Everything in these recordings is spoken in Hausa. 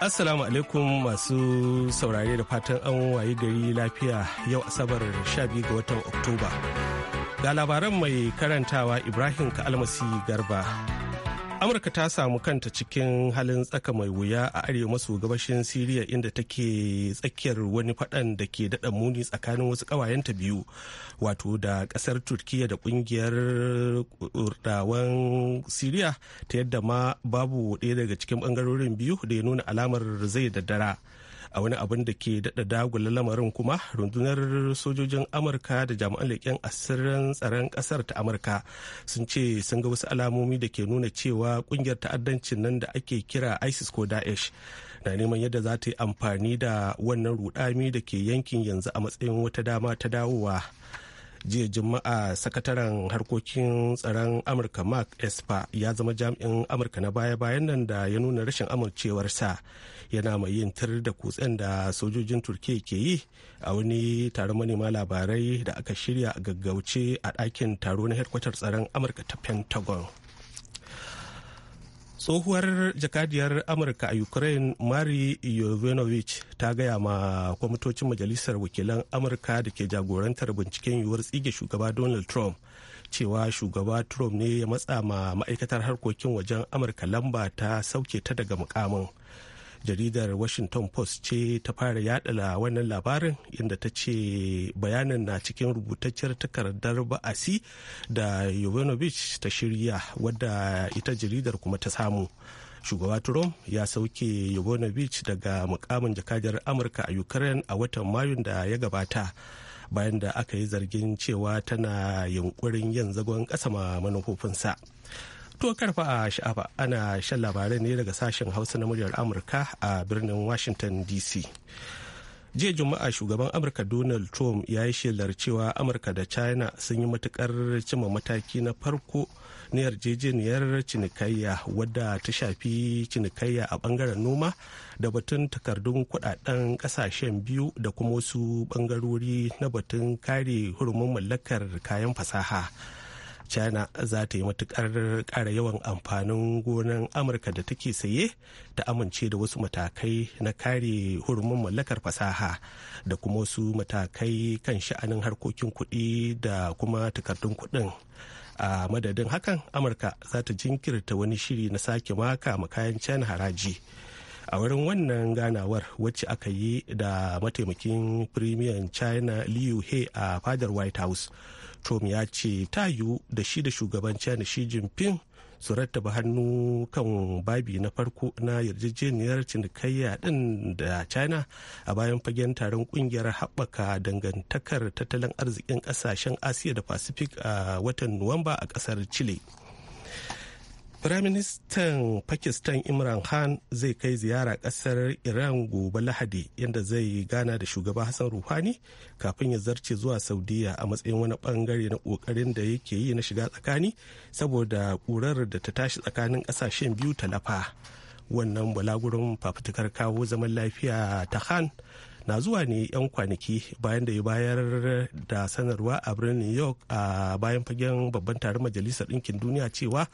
Assalamu alaikum masu saurare da fatan an wayi gari lafiya yau Asabar 12 ga watan Oktoba. Ga labaran mai karantawa Ibrahim Ka'almasi Garba. amurka ta samu kanta cikin halin tsaka mai wuya a arewa maso gabashin siriya inda take tsakiyar wani faɗan da ke daɗa muni tsakanin wasu ƙawayenta biyu wato da ƙasar turkiya da ƙungiyar kurdawan siriya ta yadda ma babu ɗaya daga cikin ɓangarorin biyu da ya nuna alamar zai daddara a wani abin da ke daɗa dagula lamarin kuma rundunar sojojin amurka da jami'an leƙen asirin tsaron ƙasar ta amurka sun ce sun ga wasu alamomi da ke nuna cewa ƙungiyar ta'addancin nan da ake kira isis ko daesh na neman yadda za ta yi amfani da wannan rudami da ke yankin yanzu a matsayin wata dama ta dawowa jiya juma'a sakataren harkokin tsaron amurka mark esper ya zama jami'in amurka na baya-bayan nan da ya nuna rashin amincewarsa yana mai yin tir da kutsen da sojojin turkiya ke yi a wani taron manema labarai da aka shirya a gaggauce a ɗakin taro na hedkwatar tsaron amurka ta pentagon tsohuwar jakadiyar amurka a ukraine mari yovanovich ta gaya ma kwamitocin majalisar wakilan amurka da ke jagorantar binciken yiwuwar tsige shugaba donald trump cewa shugaba trump ne ya matsa ma ma'aikatar harkokin wajen amurka lamba ta sauke ta daga mukamin jaridar washington post ce ta fara yada wannan labarin inda ta ce bayanin na cikin rubutacciyar takardar ba'asi da yovanovich ta shirya wadda ita jaridar kuma ta samu shugaba trump ya sauke yovanovich daga mukamin jakadiyar amurka a ukraine a watan mayun da ya gabata bayan da aka yi zargin cewa tana yunkurin yin zagon ƙasa manufofinsa To karfa a sha'afa ana shan labarai ne daga sashen Hausa na muryar Amurka a birnin Washington DC. jiya juma'a shugaban amurka donald trump ya yi shelar cewa amurka da china sun yi matukar cima mataki na farko na yarjejeniyar cinikayya wadda ta shafi cinikayya a bangaren noma da batun takardun kudaden kasashen biyu da kuma wasu bangarori na batun kare hurumin mallakar kayan fasaha. china za ta yi matukar ƙara yawan amfanin gonan amurka da take saye ta amince da wasu matakai na kare hurumin mallakar fasaha da kuma wasu matakai kan sha'anin harkokin kuɗi da kuma takardun kuɗin a madadin hakan amurka za ta jinkirta wani shiri na sake maka makayan china haraji a wurin wannan ganawar wacce aka yi da mataimakin premier china liu a fadar white house trump ya ce ta yiwu da shi da shugaban china shi jinping su rattaba hannu kan babi na farko na yarjejeniyar cinikayya din da china a bayan fagen taron kungiyar haɓaka dangantakar tattalin arzikin ƙasashen asiya da pacific a watan nuwamba a ƙasar chile Firaministan Pakistan Imran Khan zai kai ziyara ƙasar Iran gobe Lahadi yadda zai gana da shugaba Hassan Ruhani kafin ya zarce zuwa Saudiya a matsayin wani bangare na ƙoƙarin da yake yi na shiga tsakani saboda ƙurar da ta tashi tsakanin ƙasashen biyu talafa. Wannan balagurin fafutukar kawo zaman lafiya ta Khan na zuwa ne 'yan kwanaki bayan da ya bayar da sanarwa a birnin New York a bayan fagen babban taron Majalisar Ɗinkin Duniya cewa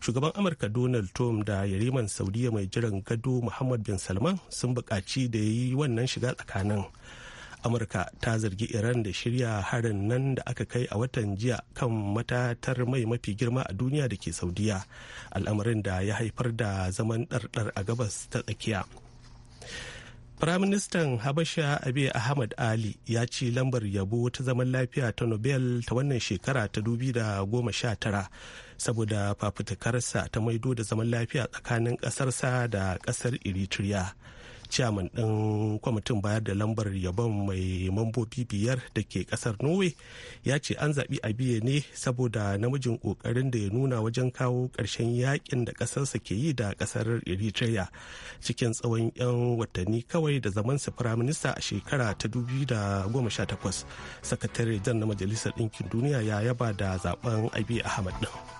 shugaban amurka donald trump da yariman saudiya mai jiran gado muhammad bin salman sun bukaci da ya yi wannan shiga tsakanin amurka ta zargi iran da shirya harin nan da aka kai a watan jiya kan matatar mai mafi girma a duniya da ke saudiya al'amarin da ya haifar da zaman ɗarɗar a gabas ta tsakiya Firaministan Habasha Abiy Ahmad Ali ya ci lambar yabo ta zaman lafiya ta Nobel ta wannan shekara ta da goma sha tara saboda fafutukarsa ta maido da zaman lafiya tsakanin ƙasarsa da ƙasar Eritrea. ciyaman ɗin kwamitin bayar da lambar yabon mai mambobi biyar da ke ƙasar norway ya ce an zaɓi abiye ne saboda namijin ƙoƙarin da ya nuna wajen kawo ƙarshen yakin da ƙasarsa ke yi da ƙasar eritrea cikin tsawon 'yan watanni kawai da zaman su firaminista a shekara ta da goma sha 2018 sakatare jan na majalisar ɗinkin duniya ya yaba da zaben abiye ahmad ɗin.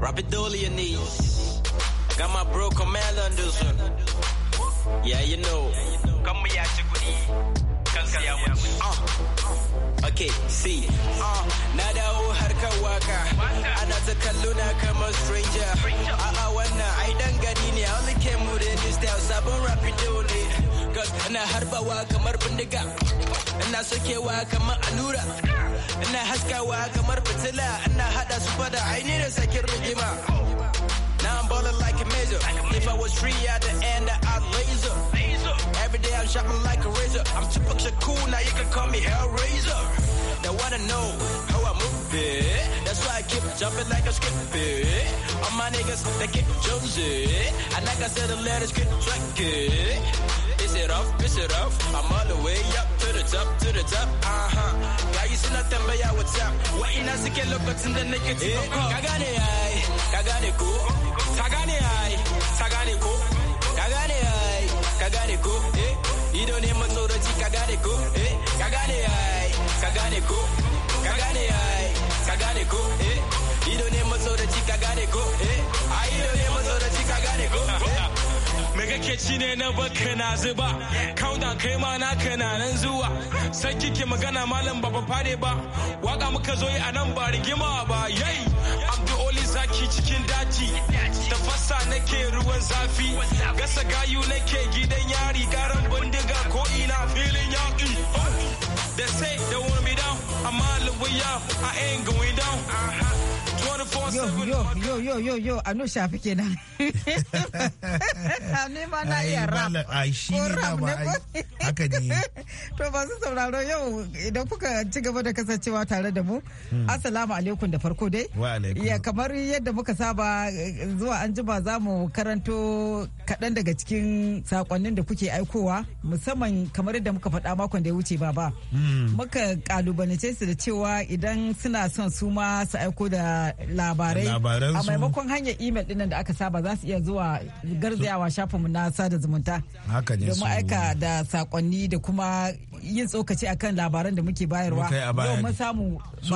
Drop it down your knees. Got my bro Kamala on this one. Yeah, you know. Come here, Chikuni. Uh, okay, see, uh, na dawo harkar waka, ana ta kallo na kamar stranger, a'a wannan ai dan gari ne, only came with a style, sabon rapido gas ina harbawa kamar bindiga ina sakewa kamar allura ina haskawa kamar fitila ina hada su fada aini da sakin rigima Now I'm ballin' like a major. If I was free at the end, I'd laser. Every day I'm shopping like a razor. I'm super cool, now you can call me Hellraiser. They wanna know how I move it. That's why I keep jumping like a skip it. All my niggas, they keep Jonesy. And like I said, the letters get drunk it. piss it off, piss it off. I'm all the way up to the top, to the top. Uh huh. Ga yi suna tambaya what's up. Wa ina suke lokacin da nake cikin kop. Eh, ka gane ai, ka gane ko. Ka gane ai, ka gane ko. Ka gane ai, ka gane ko. Eh, ido ne matsoraci ka gane ko. Eh, ka gane ai, ka gane ko. Ka gane ai, ka gane ko. Eh, ido ne matsoraci ka gane ko. Eh. nake ci ne na baka na zuba kauda kai ma na nan zuwa sai kike magana malam ba fare ba waka muka zo yi a nan ba rigima ba yai the only zaki cikin daji da fasa nake ruwan zafi gasa gayu nake gidan yari garan bindiga ko ina filin yaƙi they say they want me down i'm all the way i ain't going down yo yo yo yo anu shafi kenan ne ma na iya rap ne haka ne to masu sauraro yau idan kuka ci gaba da kasancewa tare da mu hmm. assalamu alaikum da farko dai ya kamar yadda muka saba zuwa an zamu za mu karanto kaɗan daga cikin sakonnin da kuke aikowa musamman kamar yadda muka faɗa makon da ya wuce ba ba hmm. muka kalubalance su da cewa idan suna son su ma su aiko da labarai a maimakon hanyar email din da aka saba za su iya zuwa garzayawa shafin mu na sada zumunta domin aika da sakonni da kuma yin tsokaci akan labaran da muke bayarwa yau mun samu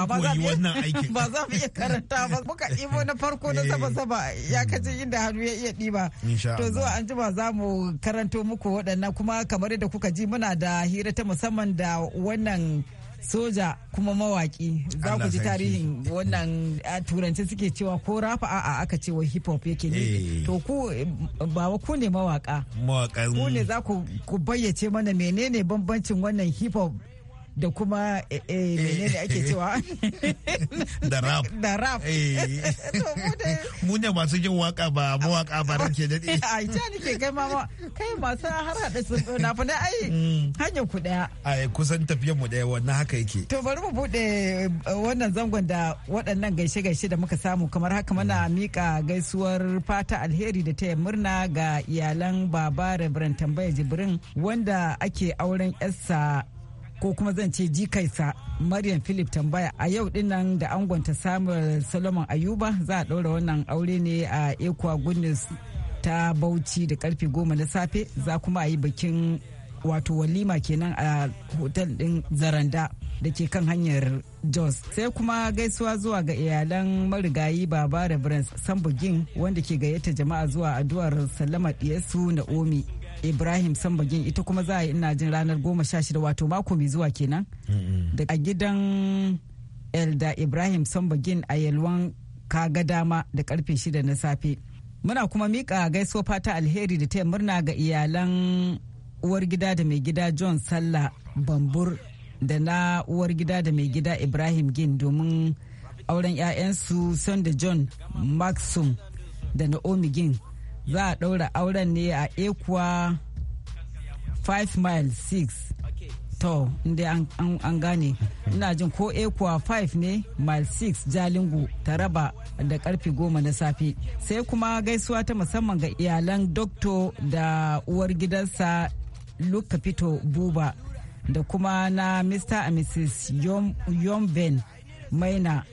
ba za mu iya karanta ba muka ibo na farko na eh. saba saba ya kace inda hannu ya iya ɗiba to zuwa an ba za mu karanto muku waɗannan kuma kamar da kuka ji muna da hira ta musamman da wannan soja kuma mawaki za ku ji tarihin wannan a turance suke cewa ko rafa a aka ce wa hip hop yake ne eh. to ku bawa ku ne mawaka ku ne za ku bayyace mana menene bambancin wannan hip hop da kuma eh, eh, menene ake eh. cewa da rap da rap mu ne masu jin waka ba waka ba ke dadi ai ta nake kai mama kai masu har hada su na fa da ai mm. hanyar ku daya ai kusan tafiyar mu daya wannan haka yake to bari mu bude wannan zangon da waɗannan gaishe gaishe da muka samu kamar haka muna mm. mika gaisuwar fata alheri da taya murna ga iyalan baba Reverend Tambaya Jibrin wanda ake auren yarsa ko kuma zan ce jikaisa Maryam Philip tambaya a yau dinnan da angonta Samuel Solomon Ayuba za a ɗaura wannan aure ne a Ekwa Goodness ta Bauchi da karfe goma na safe za kuma a yi bikin wato walima kenan a hotel din zaranda da ke kan hanyar jos sai kuma gaisuwa zuwa ga iyalan marigayi baba reverence sambugin wanda ke gayyata jama'a zuwa addu'ar sallama diyesu omi ibrahim sambagin ita kuma za a yi ina jin ranar goma sha shida wato mako mai zuwa kenan a gidan elda ibrahim sambagin a yalwan kaga dama da karfe shida na safe muna kuma mika gaisuwa fata alheri da taya murna ga iyalan uwar gida da mai gida john sallah bambur da na uwar gida da mai gida ibrahim gin domin auren 'ya'yansu sanda john maxum da naomi gin za a ɗaura auren ne a ekuwa 5 mile 6 to inda an gane ina jin ko ekuwa 5 ne mile 6 ta taraba da karfe goma na safe sai kuma gaisuwa ta musamman ga iyalan dokto da uwar gidansa luka fito buba da kuma na mr and mrs yom, yom ben maina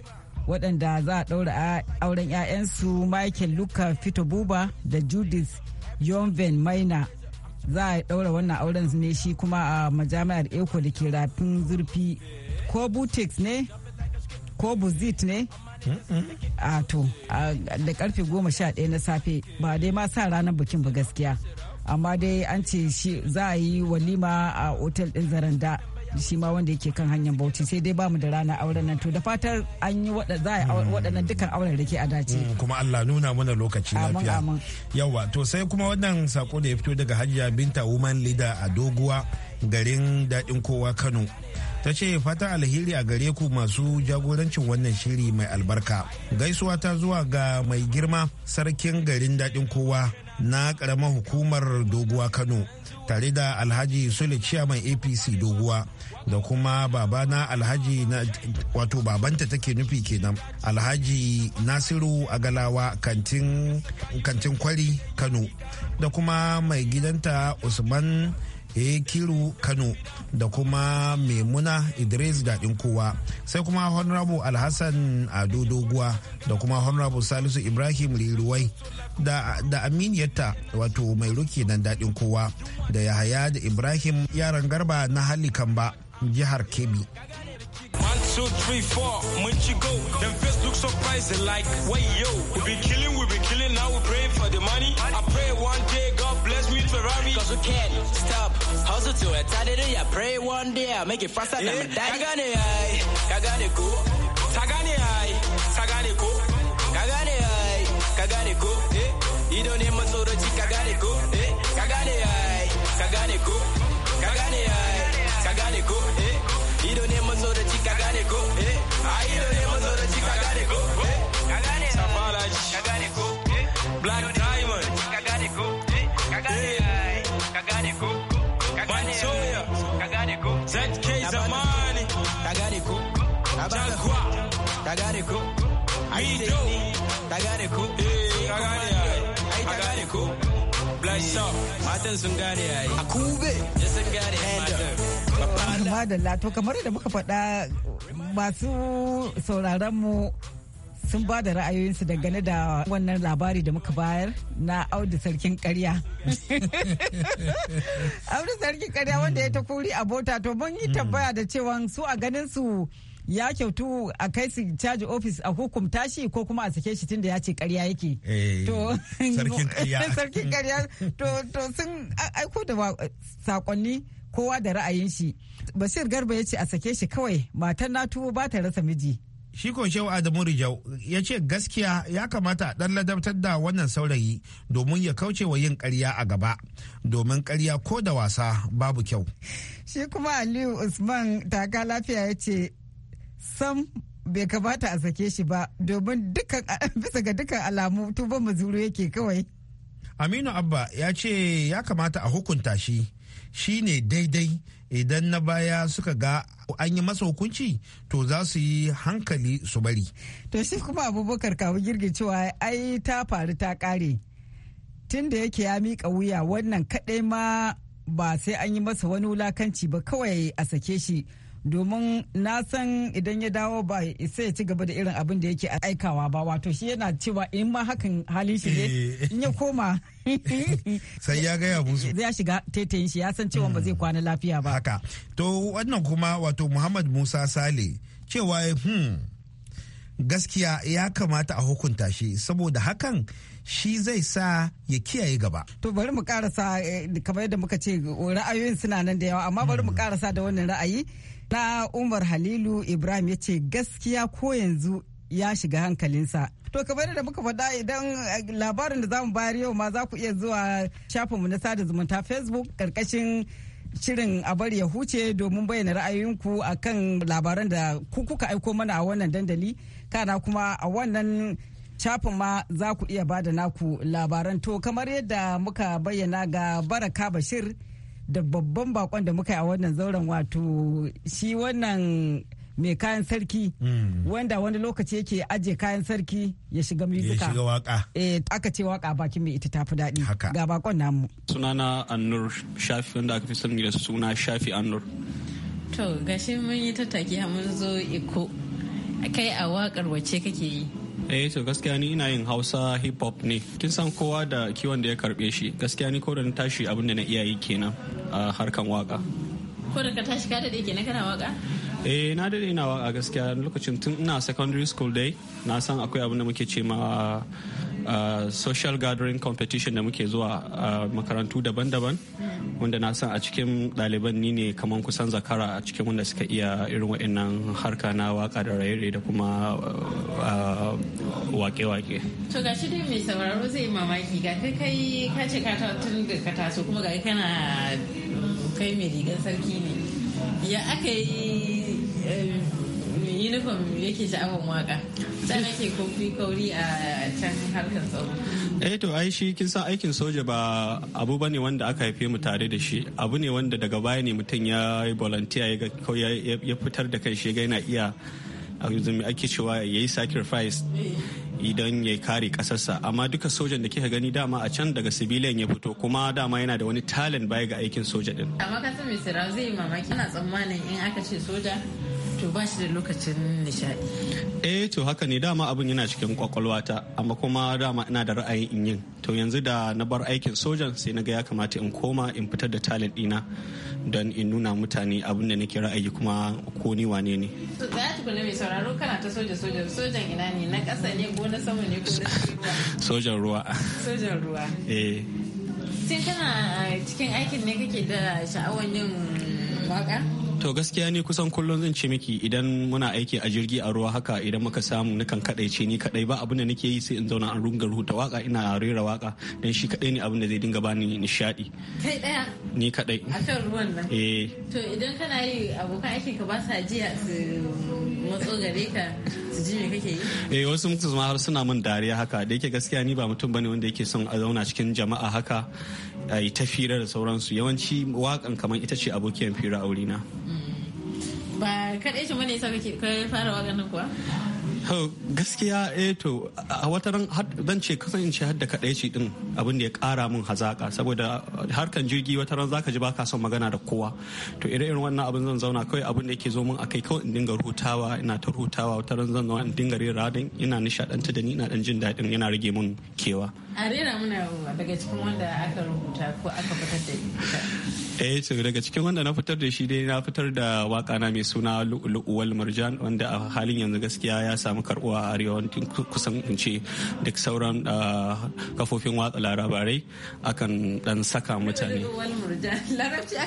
waɗanda za a ɗaura auren 'ya'yansu michael luka fito buba da judith yonven maina za a ɗaura wannan auren ne shi kuma a majami'ar eko da ke rafin zurfi ko butix ne ko buzit ne a to da karfe goma sha ɗaya na safe ba dai ma sa ranar bikin ba gaskiya amma dai an ce shi za a yi walima a otel ɗin zaranda shi ma wanda yake kan hanyar bauchi sai dai bamu da ranar auren nan to da fatar an yi waɗannan dukkan auren da ke a dace mm, kuma Allah nuna mana lokaci lafiya yawa to sai kuma wannan sako da ya fito daga hajiya binta woman leader a doguwa garin daɗin kowa kano ta ce fata alheri a gare ku masu jagorancin wannan shiri mai albarka gaisuwa ta zuwa ga mai girma sarkin garin daɗin kowa na karamar hukumar doguwa kano tare da alhaji sule ciyaman apc doguwa da kuma babana alhaji na wato babanta take nufi kenan alhaji nasiru agalawa kantin kwari kano da kuma mai gidanta usman kiru kano da kuma maimuna idris daɗin kowa sai kuma honorable alhassan ado doguwa da kuma honorable salisu ibrahim riruwai da, da aminiyarta wato mai ruki nan daɗin kowa da yahaya da ibrahim yaran garba na halikan ba jihar kebbi One, two, three, four, mun ci go, them face look surprising like, wayo, we be killing now we praying for the money. I pray one day God bless me with Ferrari. Cause we can't stop, hustle to it. I pray one day I make it faster than my daddy. Kagane ai, kagane go. Sagane ai, sagane go. Kagane ai, kagane go. Eh, you don't need much kagane go. Eh, kagane ai, kagane go. Kagane ai, kagane go. Eh. ko matan sun gane yayi. A kube. Ya sun gane matan. Madalla to kamar da muka faɗa masu sauraron mu sun ba da ra'ayoyinsu dangane da wannan labari da muka bayar na audu sarkin karya. audu sarkin karya wanda ya ta kuri a bota to mun yi hmm. tabbaya da cewa su a ganin su ya kyautu a kai su caji ofis a hukumta shi ko kuma a sake shi tunda ya ce karya yake. Eh, to sarkin karya. To sun aiko da sakonni kowa da ra'ayin shi. Bashir Garba ya ce a sake shi kawai matar na tuwo ba ta rasa miji. shi shehu adamu rijau ya ce gaskiya ya kamata a dan ladabtar da wannan saurayi domin ya kauce wa yin karya a gaba domin karya ko da wasa babu kyau shi kuma aliyu usman taka lafiya ya ce sam bai kamata a sake shi ba domin bisa ga dukkan alamu tuban mazuru yake kawai. Aminu Abba ya ce ya kamata a hukunta shi shi ne daidai idan na baya suka ga an yi masa hukunci to za su yi hankali su bari. To shi kuma abubakar kawo girgicewa ai ta faru ta kare tun da yake ya mika wuya wannan kaɗai ma ba sai an yi masa wani wulakanci ba kawai a sake shi. domin na san idan ya dawo ba sai ya ci gaba da irin abin da yake aikawa ba wato shi yana cewa in ma hakan halin shi ne eh. in ya koma sai ya gaya musu ya shiga taitayin shi ya san cewa ba zai hmm. kwana lafiya ba haka to wannan kuma wato muhammad musa sale cewa hmm gaskiya ya kamata a hukunta shi saboda hakan shi zai sa ya kiyaye gaba. To bari mu karasa eh, kamar yadda muka ce ra'ayoyin suna nan da yawa amma bari mu hmm. karasa da wannan ra'ayi na Umar Halilu Ibrahim ya ce gaskiya ko yanzu ya shiga hankalinsa. To kamar da muka faɗa idan eh, labarin da za mu bayar yau ma za ku iya zuwa shafinmu na sada zumunta Facebook karkashin shirin a bari ya huce domin bayyana ra'ayoyinku akan labaran da kuka aiko mana a wannan dandali kana kuma a wannan shafin ma za ku iya ba da naku labaran to kamar yadda muka bayyana ga baraka bashir da babban bakon da muka yi a wannan zauren wato shi wannan mai kayan sarki hmm. wanda wani lokaci yake aje kayan sarki ya shiga mizuka ya shiga waka eh aka ce waka bakin mai ita tafi daɗi ga bakon namu sunana annur shafi wanda aka fi sani da suna shafi annur to gashi mun yi tattaki mun zo iko kai a wakar wacce kake yi eh to gaskiya ni ina yin hausa hip hop ne kin san kowa da kiwon da ya karbe shi gaskiya ni ko da na tashi abin da na iya yi kenan a harkan waka ko da ka tashi ka ke na kana waka eh na dade ina waka gaskiya lokacin tun ina secondary school dai na san akwai abin da muke ce ma social gathering competition da muke zuwa makarantu daban-daban wanda na san a cikin ɗaliban ni ne kamar kusan zakara a cikin wanda suka iya irin waɗannan harka na waka da raye da kuma wake-wake. To gashi dai mai sauraro zai mamaki ga kai kai ka ce ka tun da ka taso kuma ga kana kai mai rigar sarki ne. Ya aka yi uniform eh, yake sha'awar waka sai nake kofi kauri a can harkar tsaro eh to ai shi kin san aikin soja ba abu ba ne wanda aka haife mu tare da shi abu ne wanda daga baya ne mutum ya yi volunteer ya fitar da kai shi ga yana iya yanzu ake cewa ya yi sacrifice idan ya kare kasarsa amma duka sojan da kika gani dama a can daga sibilan ya fito kuma dama yana da wani talent baya ga aikin soja din amma ka san mai zai mamaki ana tsammanin in aka ce soja to ba shi da lokacin nishadi eh to haka ne dama abin yana cikin kwakwalwata amma kuma dama ina da ra'ayin in yin to yanzu da na bar aikin sojan sai na ga ya kamata in koma in fitar da talent dina don in nuna mutane abin da nake ra'ayi kuma ko ni wane ne za ta kula mai sauraro kana ta soja sojan sojan ina ne na ƙasa ne ko na sama ne ko na ruwa sojan ruwa sojan ruwa eh sai kana eh, cikin aikin ne kake da sha'awar yin waƙa. To gaskiya ni kusan kullum zan ce miki idan muna aiki a jirgi a ruwa haka idan muka samu kadai kadaice ni kadai ba abin da nake yi sai in zauna an runga rubuta waka ina rera waka dan shi kadai ne abin da zai dinga bani nishadi. Kai daya? Ni kadai. A kan ruwan nan. Eh. To idan kana yi abokan aikin ka ba sa jiya su matso gare ka su ji me kake yi? Eh wasu mutum har suna min dariya haka da yake gaskiya ni ba mutum bane wanda yake son a zauna cikin jama'a haka a yi ta fira da sauransu yawanci wakan kamar ita ce abokiyar fira aure na mm. ba kaɗai ce bane yasa kake fara wakan nan kuwa gaskiya eh to a wata ran zan ce kasance har da kadaici din abin da ya kara min hazaka saboda harkan jirgi wata ran zaka ji baka son magana da kowa to irin wannan abin zan zauna kawai abin da yake zo min akai kawai in dinga rutawa ina ta rutawa wata ran zan zauna in dinga rera ina nishadanta da ni ina dan jin daɗin yana rage min kewa a rera muna daga cikin wanda aka rubuta ko aka fitar da ita eh to daga cikin wanda na fitar da shi dai na fitar da waka na mai suna lu'uwal marjan wanda a halin yanzu gaskiya ya samu karbuwa a arewa kusan in ce duk sauran ah, kafofin watsa labarai akan dan saka mutane larabci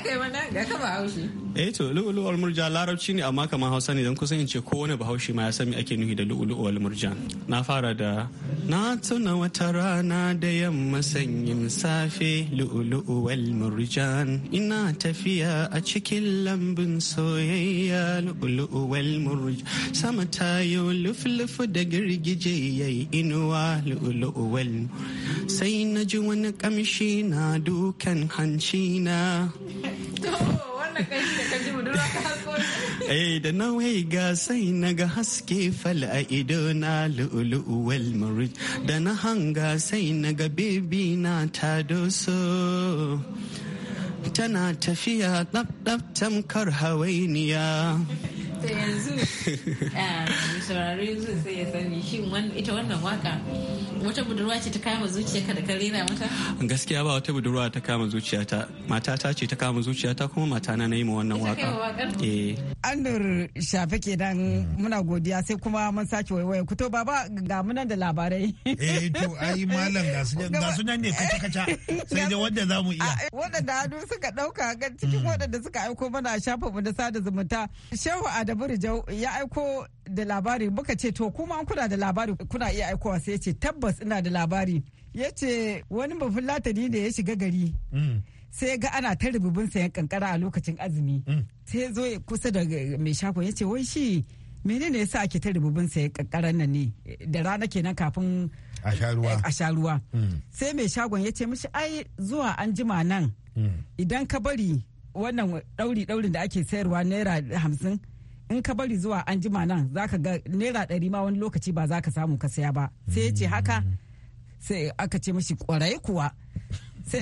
eh to lu'uwal murjan larabci ne amma kamar hausa ne don kusan in ce kowane bahaushe ma ya san ake nuhi da lu'uwal murjan na fara da na tuna wata rana da yamma sanyin safe lu'ulu'u wal murjan ina tafiya a cikin lambun soyayya lu'ulu'u wal murjan sama tayo luflufu da girgije ya yi inuwa lu'ulu'u wal sai na ji wani kamshi na dukan hanci na E da kaji eh, ga sai na ga haske fal a ido na lu'lu'u wal maruj da na hanga sai na ga bebi na ta doso tana tafiya ɗaf tamkar hawainiya. ta yanzu ah, saurari yanzu sai ya sani shi ita wannan waka wata budurwa ce ta kama zuciyarka da ka rera mata gaskiya ba wata budurwa ta kama zuciyata ta ce ta kama zuciyata kuma mata na yi ma wannan waka eh. andur shafe kenan hmm. muna godiya sai kuma mun sake waiwaye kuto baba ga munan da labarai eh to ai malam ga su ga su nan ne kaca kaca sai dai wanda zamu iya da hannu suka dauka cikin hmm. wanda suka aiko mana shafa mu da sada zumunta shehu adam Adamu Jau ya aiko da labari muka ce to kuma kuna da labari kuna iya aikowa sai ya ce tabbas ina da labari. Ya ce wani babban latani ne ya shiga gari. Mm. sai ga ana ta rububin sayan kankara a lokacin azumi mm. sai zo kusa da mai shagon ya ce wai shi menene yasa ake ta rububin sayan kankara nan ne da rana kenan kafin a sha ruwa mm. sai mai shagon ya ce mishi ai zuwa an jima nan idan ka bari wannan dauri daurin da ake sayarwa naira hamsin in ka bari zuwa an jima nan za ka ga naira ɗari ma wani lokaci ba za ka samu ka saya ba sai ya ce haka sai aka ce mashi ƙwarai kuwa sai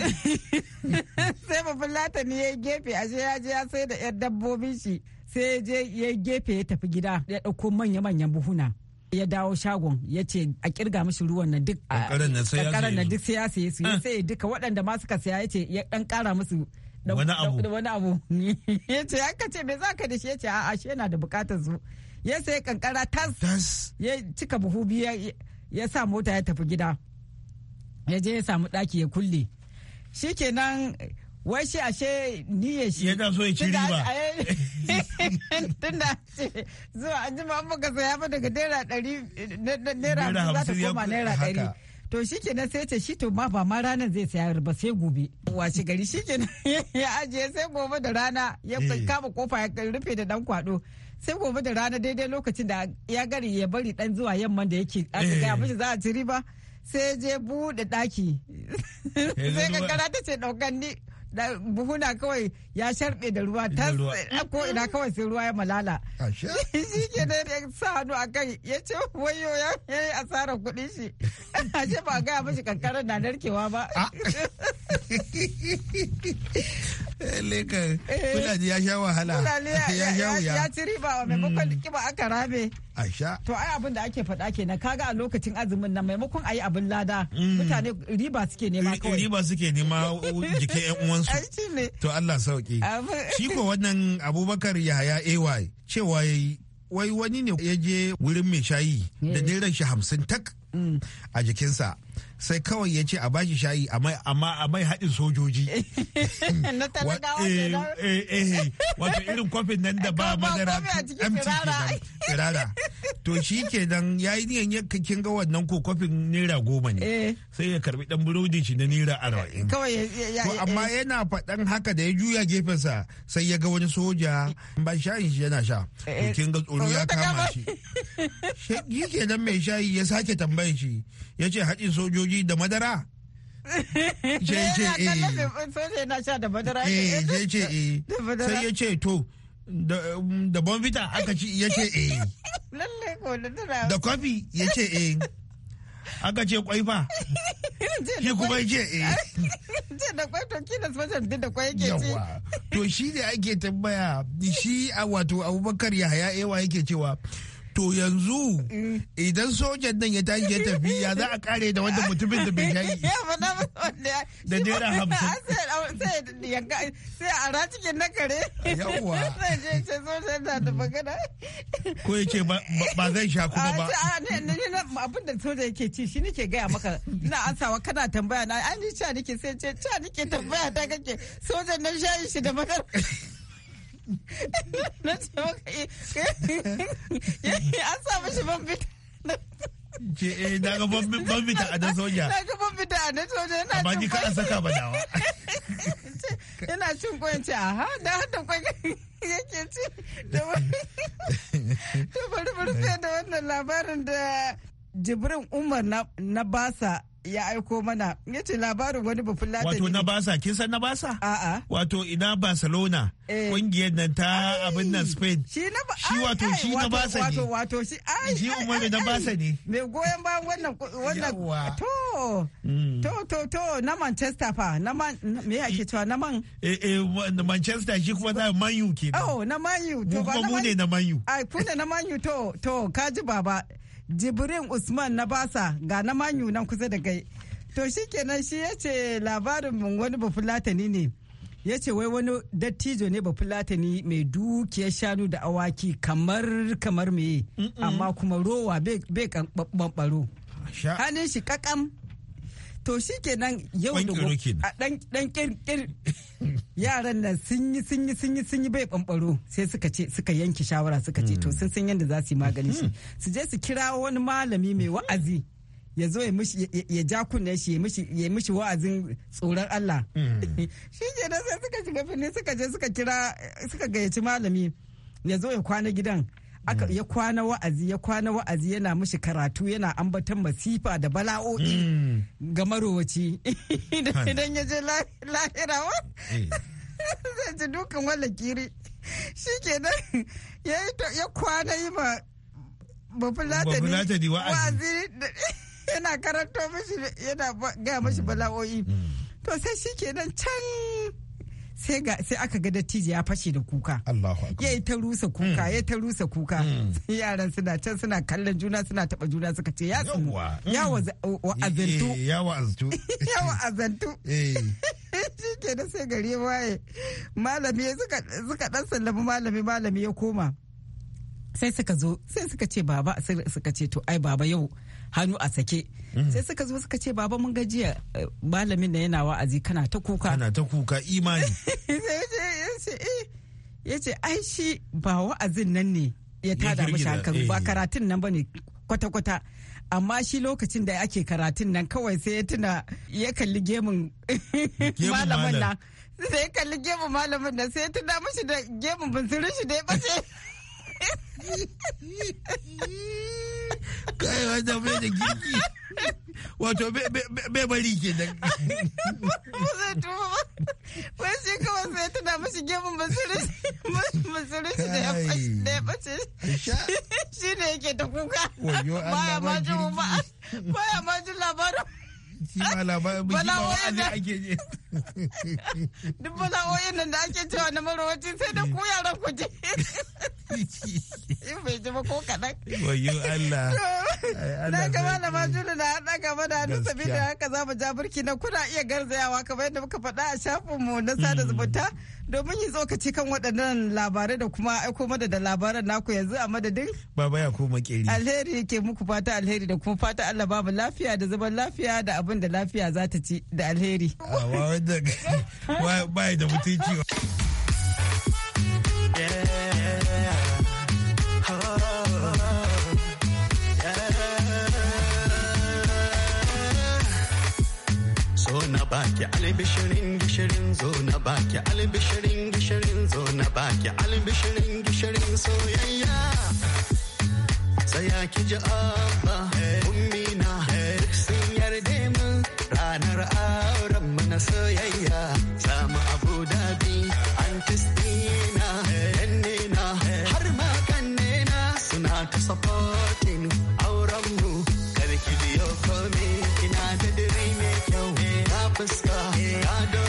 babban latani ya yi gefe ashe ya je ya sai da yan dabbobin shi sai ya je ya gefe ya tafi gida ya ɗauko manya-manyan buhuna ya dawo shagon ya ce a kirga mashi ruwan na duk kankaran na duk sai ya saye su ya ah. saye duka waɗanda ma suka saya ya ce ya ɗan ƙara musu wani abu da wani abu yace aka ce me zaka da shi yace a'a shi yana da bukatar zu ya sai kankara tas ya cika buhu biyu ya sa mota ya tafi gida ya je ya samu daki ya kulle shikenan wai shi ashe ya shi da so ya ci riba tunda zuwa an jima an buga sayafa ba daga naira ɗari naira hamsin ta koma naira 100 to shi na sai ce shi to ma ba ma ranar zai sayar ba sai gobe washe gari shi na ya ajiye sai gobe da rana ya eh. kama kofa ya rufe da dan kwado sai gobe da rana daidai lokacin da ya gari ya bari dan zuwa yamman da yake a eh. ga mishi za a ci riba sai je bude daki eh, sai kankara ta ce daukan ni buhuna kawai ya sharbe da ruwa ta ko ina kawai sai ruwa ya malala shi ke da ya sa hannu a kai ya ce wayo ya yi asarar kuɗin shi ashe ba gaya mashi kankarar na narkewa ba ah. leka eh, fulani ya sha wahala ya sha wuya ya ci riba wa maimakon hmm. kiba aka rabe Aisha. To ai abin da ake faɗa kenan kaga a lokacin azumin nan maimakon ayi abin lada hmm. mutane riba suke nema kawai. Riba suke nema jikin ƴan uwansu. To Allah sauki. Shi ko wannan Abubakar Yahaya AY cewa yayi wai wani ne ya je wurin mai shayi da hmm. diran shi hamsin tak a jikinsa. sai kawai ya ce a bashi shayi amma a mai haɗin sojoji. Na talagawa eh, eh, eh, Wato irin kofin nan da ba madara. Firara. to shi ke dan ya yi niyan kin ga wannan ko kofin naira goma ne eh. sai ya karbi dan burodin shi na naira arba'in amma yana faɗan haka da ya juya gefensa sai ya ga wani soja ba shayin shi yana sha to eh, eh. kin ga tsoro ya kama shi shi ke dan mai shayi ya sake tambayin shi ya ce haɗin sojoji da madara ce ce eh sai ya ce eh sai ya ce to da bonvita aka ci ya ce eh da kofi ya ce eh aka ce kwai fa shi kuma ya ce eh ce da kwai to kina su wajen da kwai yake ce to shi ne ake tambaya shi a wato abubakar yahaya ewa yake cewa to yanzu mm. idan sojan nan ya tashi ya tafi ya za a kare da wanda mutumin da bai shayi da naira hamsin yanka sai a ra na kare yawwa sai je ce so sai da da magana ko yake ba zai sha kuma ba ah, abin da soja yake ci shi nake gaya maka ina ansawa kana tambaya na an ji cha nake sai ce cha nake tambaya ta kake sojan nan shayin shi da magana na ce maka eh, eh, eh, an sa mishi ban fita ce eh, na ga ban fita a dan soja na ga ban fita a dan soja yana cin kwai ni saka ba dawa yana cin kwanci a da hada kwai yake ci da to bari bari da wannan labarin da jibrin umar na basa ya aiko mana ya ce labarin wani bufin latani wato na basa kin san na basa a'a wato ina barcelona eh. kungiyar nan ta abin nan spain shi na ba shi wato shi na basa ne wato shi ai shi umar na basa ne mai goyon bayan wannan wannan to mm. to to to na manchester fa na man me yake cewa na man eh eh manchester shi kuma oh, na man ke oh na manyu to ba na man ne na man u ai kuna na manyu to to kaji baba jibrin usman na basa ga na manyu nan kusa da kai to shikenan shi ya ce labarin wani bafulatani ne ya ce wai wani dattijo ne bafulatani mai dukiyar shanu da awaki kamar kamar meye amma kuma rowa bai bambaro hannun shi kakam to shi kenan yau da a dan kirkir yaran nan sun yi sun yi sun yi sun yi bai bambaro sai suka ce suka yanke shawara suka ce to hmm. sun san yadda za su yi magani shi hmm. su je su kira wani malami mai wa'azi ya zo ya mishi ya ja kunnen shi ya mishi wa'azin tsoron Allah hmm. shi kenan sai suka shiga fini suka je suka kira suka gayyaci malami ya zo ya kwana gidan aka mm. ya kwana wa'azi ya kwana wa'azi yana mishi karatu yana ambatan masifa da bala'o'i mm. ga marowaci idan ya je lahira eh. zai ji dukan wala kiri shi kenan ya kwana yi ma bafulatani wa'azi yana karanto mishi yana gaya mishi mm. bala'o'i to sai shi kenan can sai aka ga dattijo ya fashe da kuka ya Yayi ta rusa kuka mm. ya ta rusa kuka mm. yaran suna can suna kallon juna suna taba juna suka ce ya ya mm. wa'azantu eh, eh, ya wa'azantu eh. shi ke da sai gari waye malami suka dan sallama malami malami ya koma sai suka zo sai suka ce baba suka ce to ai baba yau hannu a sake mm. sai suka zo suka ce baba mun gajiya eh, malamin da yana wa'azi kana ta kuka kana ta kuka imani eh. ya ce ai shi ba wa'azin nan ne ya tada mu shakaru ba eh. karatun nan ba ne kwata-kwata amma shi lokacin da ake karatun nan kawai sai ya tuna ya kalli gemun malamin nan sai ya kalli gemun malamin nan sai ya tuna mashi da gemun bin shi da ya bace kai wanda bai da girki wato bai bari ke da wai sai kawai sai ta tana mashi gemun masurishi da ya bace shi ne yake ta kuka baya ma jin labarin shi ma labarin bala'o'in da ake je duk bala'o'in nan da ake cewa na marowaci sai da ku yaran ku je in bai ji ba ko kaɗan wayo Allah na ga da juna na haɗa gaba da hannu sabida haka za mu ja burki na kuna iya garzayawa kamar yadda muka faɗa a shafinmu na sada mm. zumunta domin yi tsokaci kan waɗannan labarai da kuma aiko mada da labaran naku yanzu a madadin baba ya koma keri alheri ke muku fata alheri da kuma fata Allah babu lafiya da zaman lafiya da abin abin da lafiya za ta ci da alheri. Ah, ba da mutunci. baki albishirin gishirin zo na baki albishirin gishirin zo na baki albishirin gishirin soyayya sai ya kiji abba soyayya samu abu daɗi an tistina yanne na har ma kan nena suna ta supportin auren mu karki biyo komi ina da dare mai kyau eh, na fuska ya eh,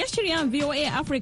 Yesterday on VOA Africa